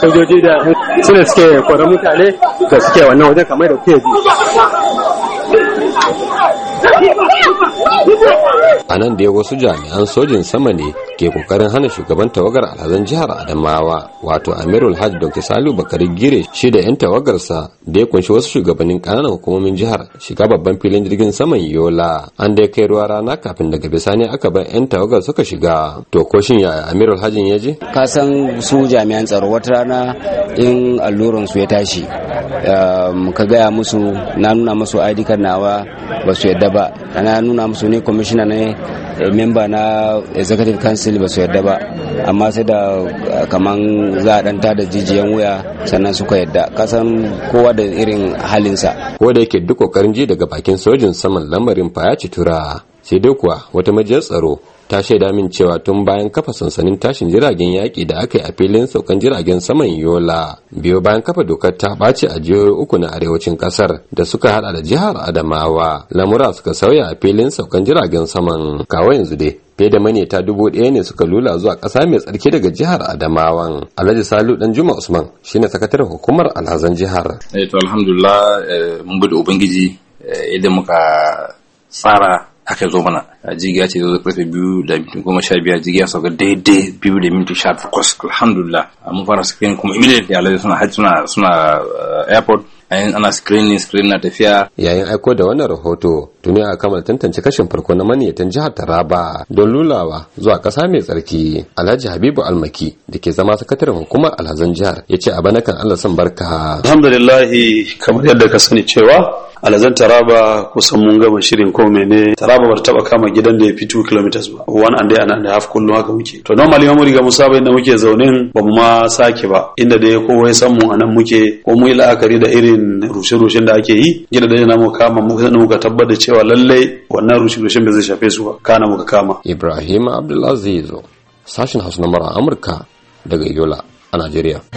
sojoji da su suke koran mutane da suke wannan wajen kamar da kuke ji a nan da wasu jami'an sojin sama ne ke kokarin hana shugaban tawagar alhazan jihar adamawa wato amirul hajj dr salu bakari gire shi da yan tawagarsa da ya kunshi wasu shugabannin kananan hukumomin jihar shiga babban filin jirgin saman yola an dai kai ruwa rana kafin daga bisani aka bar yan tawagar suka shiga to ko shin ya amirul hajjin ya je ka san su jami'an tsaro wata rana in alluran su ya tashi um, ka gaya musu na nuna musu id card nawa ba su yadda ba na nuna musu ne kwamishina ne memba na executive council still ba su yarda ba amma sai da uh, kaman za a danta da jijiyan wuya sannan suka yarda kasan kowa da irin halinsa ko da yake duk kokarin ji daga bakin sojin saman lamarin fayaci ya tura sai dai kuwa wata majiyar tsaro ta shaida min cewa tun bayan kafa sansanin tashin jiragen yaƙi da aka yi a filin saukan jiragen saman yola biyo bayan kafa dokar ta ɓaci a jihohi uku na arewacin ƙasar da suka haɗa da jihar adamawa lamura suka sauya a filin saukan jiragen saman kawo yanzu dai fiye da maneta dubu ɗaya ne suka lula zuwa ƙasa mai tsarki daga jihar adamawan alhaji salu dan juma usman shine sakataren hukumar alhazan jihar eh to alhamdulillah eh, mun gudu ubangiji idan eh, muka tsara haka zo mana jigiya ce zo karfe biyu da goma sha biyar jigiya sauka daidai biyu da minti sha takwas alhamdulillah mun fara screen kuma immediately alhaji suna hajji suna suna uh, airport yayin ana screening screen na tafiya yayin aiko da wannan rahoto tuni a kamar tantance kashin farko na maniyatan jihar taraba don lulawa zuwa kasa mai tsarki alhaji habibu almaki da ke zama sakataren hukumar alhazan jihar ya ce a bana kan allah san barka alhamdulillah kamar yadda ka sani cewa alazan taraba kusan mun gama shirin ko mene taraba bata taba kama gidan da ya fi 2 kilometers ba one and day and a half kullum haka muke to normally mun riga mun saba inda muke zaune ba mu ma sake ba inda da ko wai san mu anan muke ko mu yi la'akari da irin rushe-rushen da ake yi da yana mu kama mu sanin muka tabbatar cewa lalle wannan rushe-rushen ba zai shafe su ba kana muka kama Ibrahim Abdulaziz sashin Hausa na Amurka daga Yola a Najeriya